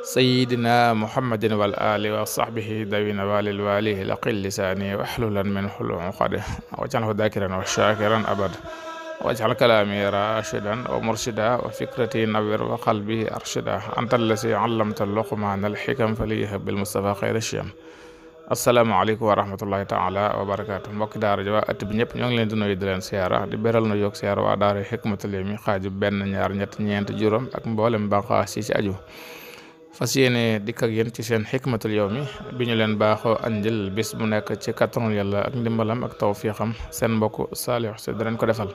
sayidina muhammadin wal ali wa sahbihi dawina walil walihi laqil lisaani waxlulan min xulum xade wajcalhu dakiran wa shakiran abad wajcal kalaami rashidan wa murshida wa fikrati nawir wa qalbi arshida anta allasi allamta luqmaan alxikam faliha bilmustafa xayr ashiyam asalaamaaleykum wa rahmatullahi taala wa barakaatu mbokki daara ji waa ëtt bi ñëpp ñoo ngi leen di nuyu di leen siyaara di beral na yokk siyaara waa daara xikmatul yawmi xaaju benn ñaar ñett ñeent juróom ak mboolem banqaas yi ci aju fas yéene dikk ak yéen ci seen xikmatul mi bi ñu leen baaxoo andil bis mu nekk ci kattanul yàlla ak ndimbalam ak tawfiixam seen mbokk Saliou Sy danañ ko defal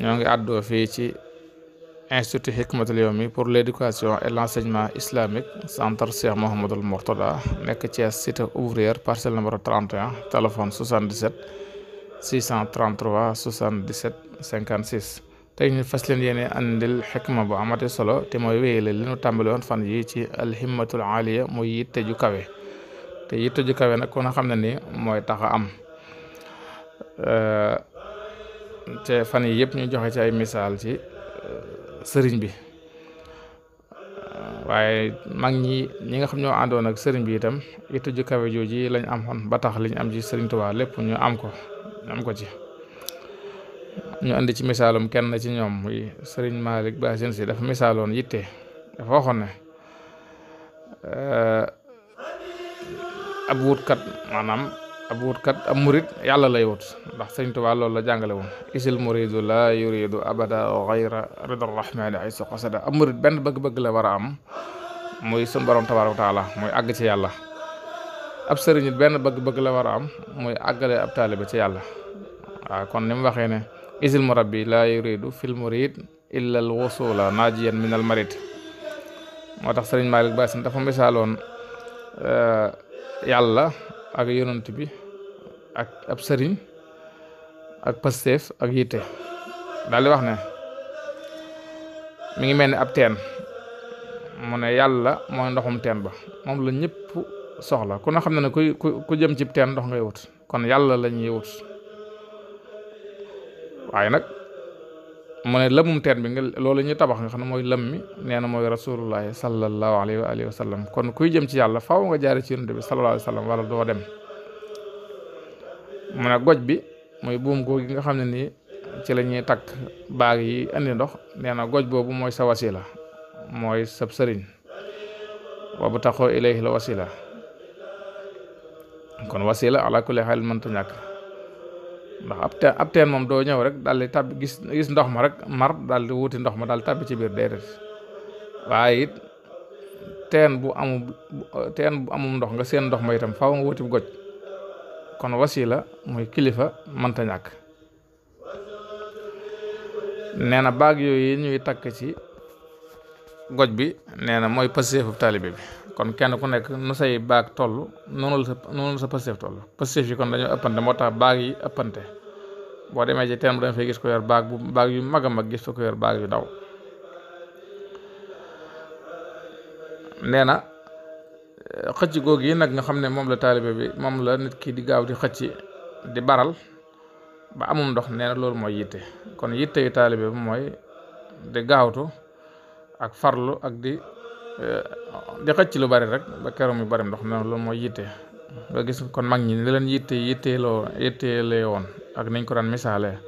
ñoo ngi àddoo fii ci institut xikmatul yawmi pour l'éducation et l'enseignement islamique centre Cheikh Mouhamadoul Mourtada nekk ci cité ouvrière parcelle numéro 31 téléphone 77 633 77 56 te ñu fas leen yéene andil ma bu amate solo te mooy wéyale li ñu tàmbali woon fan yi ci alhimmatul aaliya mooy yitte ju kawe te yitte ju kawe nag kon a xam ne ni mooy tax a am te fan yi yëpp ñu joxe ci ay misaal ci sëriñ bi waaye mag ñi ñi nga xam ñoo àndoon ak sëriñ bi itam yitte ju kawe jooji lañ am xon ba tax liñ am ci sëriñ Tuubaa lépp ñu am ko ñu am ko ci ñu andi ci misaalum kenn ci ñoom muy sëriñ Malick Basin si dafa misaaloon yitte dafa waxoon ne euh, ab wutkat maanaam ab wutkat ab murit yàlla lay wut ndax sëriñ Tuubaa loolu la jàngale woon isil muridu la yuridu abada xayra rida rahmani ay sa qasada ab murit benn bëgg-bëgg la war am muy sun borom tabaaraka wa taala muy àgg ci yàlla ab sëriñ benn bëgg-bëgg la war a am muy àggale ab taaliba ci yàlla waaw kon ni waxee ne isil murabbi laa yuridu fil murid illa al wusula naajiyan min al marid moo tax sëriñ Malick ne dafa misaaloon eh, yàlla ak yonant bi ak ab sëriñ ak pasteef ak yitte daal di wax ne mu ngi mel ni ab teen mu ne yàlla mooy ndoxum teen ba moom la ñëpp soxla ku na xam ne ne ku ku jëm ci teen ndox ngay wut kon yàlla la wut waaye nag mu ne lëmum teen bi nga loolu ñuy tabax nga xam ne mooy lëm mi nee na mooy rasulullahi sallallahu alayhi wa alihi wa sallam kon kuy jëm ci yàlla faaw nga jaare ci yonent bi sallallahu wala doo dem mu goj bi mooy buum goo gi nga xam ne nii ci la ñuy takk baag yi indi ndox nee na goj boobu mooy sa wasila mooy sab sëriñ boobu taxoo ilayhi la wasila kon wasila ala kulli xaal mënta ñàkk ndax ab teen moom doo ñëw rek daal di gis gis ndox ma rek mar daal di wuti ndox ma daal di tàbbi ci biir déedéet waaye it teen bu amum teen bu amum ndox nga seen ndox ma itam faaw nga wuti bu goj kon wasila muy kilifa mënta ñàkk nee na baag yooyu ñuy takk ci goj bi nee na mooy paseefu taalibe bi kon kenn ku nekk nu say baag toll noonu la sa noonu la sa pësteef toll pësteef yi kon dañoo ëppante moo tax baag yi ëppante boo demee ci terme da nga fay gis ko yor baag bu baag yu mag mag gis fa ko yor baag yu daw nee na xëcc googu yi nag nga xam ne moom la taalibe bi moom la nit kii di gaaw di xëcc di baral ba amum ndox nee loolu mooy yitte kon yitte yu taalibe bi mooy di gaawtu ak farlu ak di di ci lu bari rek ba keroog mi bari ndox mi loolu mooy yitte nga gis kon mag ñi ni leen yitte yitteeloo yitteelee woon ak nañ ko daan misaalee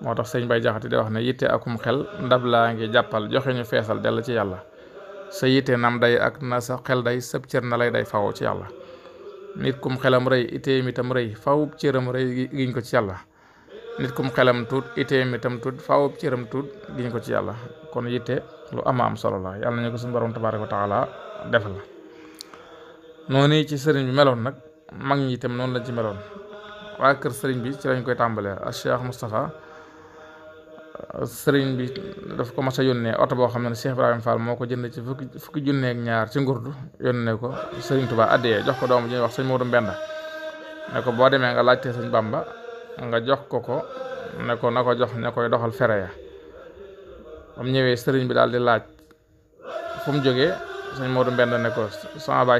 moo tax sëñ Bay Jaxate di wax ne yitte akum xel ndab laa ngi jàppal joxe ñu feesal dell ci yàlla sa yitte nam day ak na sa xel day sëb cër na lay day faw ci yàlla nit kum xelam rëy itteem itam rëy faw cëram rëy giñ ko ci yàlla nit kum xelam tuut itteem itam tuut faw cëram tuut giñ ko ci yàlla kon yitte lu ama am solo la yàlla nañu ko suñu borom tabaaraka wa taala def la noonu ci sëriñ bi meloon nag mag ñi itam noonu lañ ci meloon waa kër sëriñ bi ci lañ koy tàmbalee ak Cheikh Moustapha sëriñ bi daf ko mas a yónnee oto boo xam ne Cheikh Ibrahima Fall moo ko jënd ci fukki fukki junneek ñaar ci ngurdu yónnee ko sëriñ Touba addiyee jox ko doom doomu ji wax sëñ Modou Mbenda ne ko boo demee nga laajtee sëñ Bamba nga jox ko ko ne ko na ko jox ne doxal fere bam ñëwee sëriñ bi daal di laaj fu mu jógee sëñ Modou Mbend ne ko sama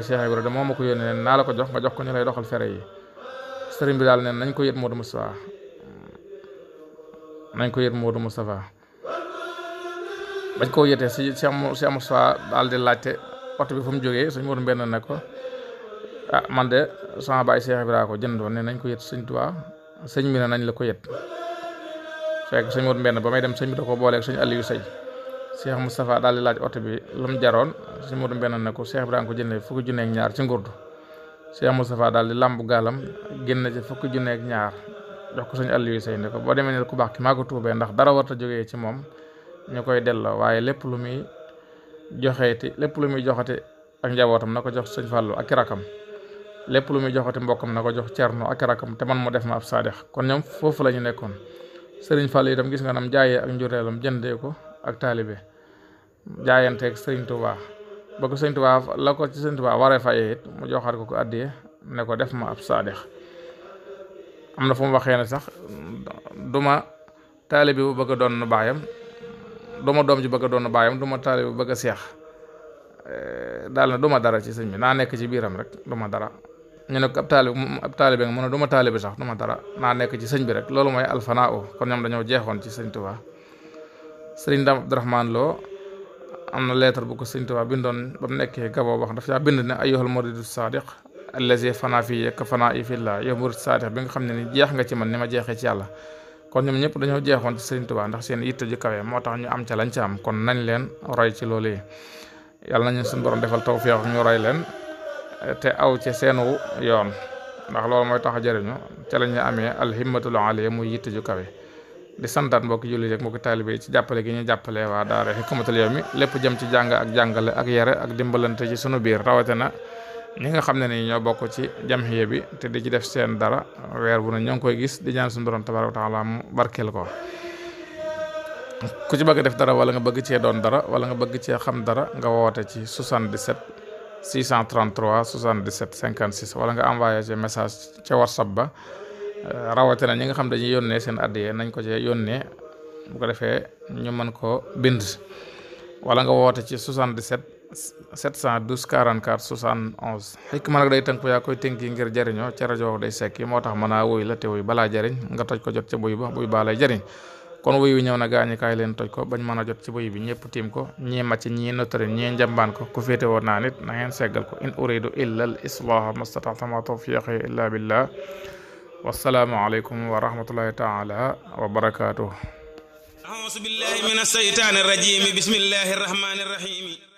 moo ma ko yónnee ne naa la ko jox nga jox ko ñu lay doxal fere yi sëriñ bi daal ne nañ ko yët Modou Moustapha nañ ko yët Modou Moustapha bañ koo yëtee si si am si am laajte oto bi fu mu jógee sëñ Modou Mbend ne ko ah man de sama baay Cheikh Ibrahima ko nañ ko yët sëñ Tuubaa sëñ bi ne nañ la ko yët fekk sëñ Modou Mbenn ba may dem sëñ bi da ko booleeg sëñ Aliou Sey Cheikh Moustapha daal di laaj oto bi lu mu jaroon sëñ Modou Mbenn ne ko Cheikh bi daan ko jëndee fukki junne ak ñaar ci ngurdu Cheikh Moustapha daal di làmb gaalam génn ci fukki junne ak ñaar jox ko sëñ Aliou Sey ne ko boo demee ne ku baax ki maa ko tuubee ndax dara warta jógee ci moom ñu koy delloo waaye lépp lu muy joxeeti lépp lu muy joxati ak njabootam na ko jox sëñ Fallou ak rakam lépp lu muy joxati mbokkam na ko jox cerno ak rakam te man mu def ma ab saadix kon foofu la ñu nekkoon sëriñ fal yi tam gis nga nam jaayee ak njureelam jëndee ko ak taalibe jaayanteeg sëriñ Touba ba ko sëriñ Touba la ko ci sëriñ Touba waree fayee it mu joxaat ko ko addiyee ne ko def ma ab saadex am na fu mu waxee ne sax duma taalibe bu bëgg doon na baayam duma doom ji bëgg doon na baayam duma taalibe bu bëgg a seex eh, daal na duma dara ci sëñ bi naa nekk ci biiram rek duma dara ñu nekk ko ab taalibe ab taalibe nga mu ne du ma taalibe sax du dara naa nekk ci sëñ bi rek loolu mooy alfanaa kon ñoom dañoo jeexoon ci sëñ Tuubaa sëriñ Dame Abdourahmane Lo am na lettre bu ko sëñ bindoon ba mu nekkee Gaboo wax daf caa bind ne ayyuhal muridu sadiq allazi fanaa fii yekk fanaa i fillah yow bi nga xam ne ni jeex nga ci man ni ma jeexee ci yàlla kon ñoom ñëpp dañoo jeexoon ci sëñ Tuubaa ndax seen yitte ju moo tax ñu am ca lañ ca am kon nañ leen roy ci loolu yi yàlla nañu suñu borom defal tawfiix ñu roy leen te aw ci seenu yoon ndax loolu mooy tax a jëriñu ca la ñu amee alhimmatul aliya muy yitte ju kawe di santaat mbokki jullit ak mbokki taalibe yi ci jàppale gi ñu jàppale waa daara Hikmatul Yawmi lépp jëm ci jàng ak jàngale ak yare ak dimbalante ci sunu biir na ñi nga xam ne ni ñoo bokk ci jamhiya bi te di ci def seen dara weer bu ne ñoo ngi koy gis di ñaan suñu borom tabaaraka wa mu barkeel ko ku ci bëgg def dara wala nga bëgg cee doon dara wala nga bëgg cee xam dara nga woote 633 77 56 wala nga envoyé ci message ca whatsapp ba euh, rawatina ñi nga xam dañuy yónnee seen addiya nañ ko cee yónnee bu ko defee ñu mën ko bind wala nga woote ci 77 712 44 71 xikma nag day tënk yaa koy tënki ngir jariñoo ca rajo day sekki moo tax mën a woy la te woy balaa jariñ nga toj ko jot ca buy ba buy baa lay jariñ kon wuy wi ñëw na gaañi kaay leen toj ko bañ mën a jot ci wuy bi tiim ko ñii macc ñii notari ñii njambaan ko ku féete woon naa nit na ngeen seggal ko in uridu illa al islaha mastata'tama tawfiqi illa billah wassalaamu aleykum wa rahmatullahi taala wa barakatuh أعوذ بالله من الشيطان الرجيم بسم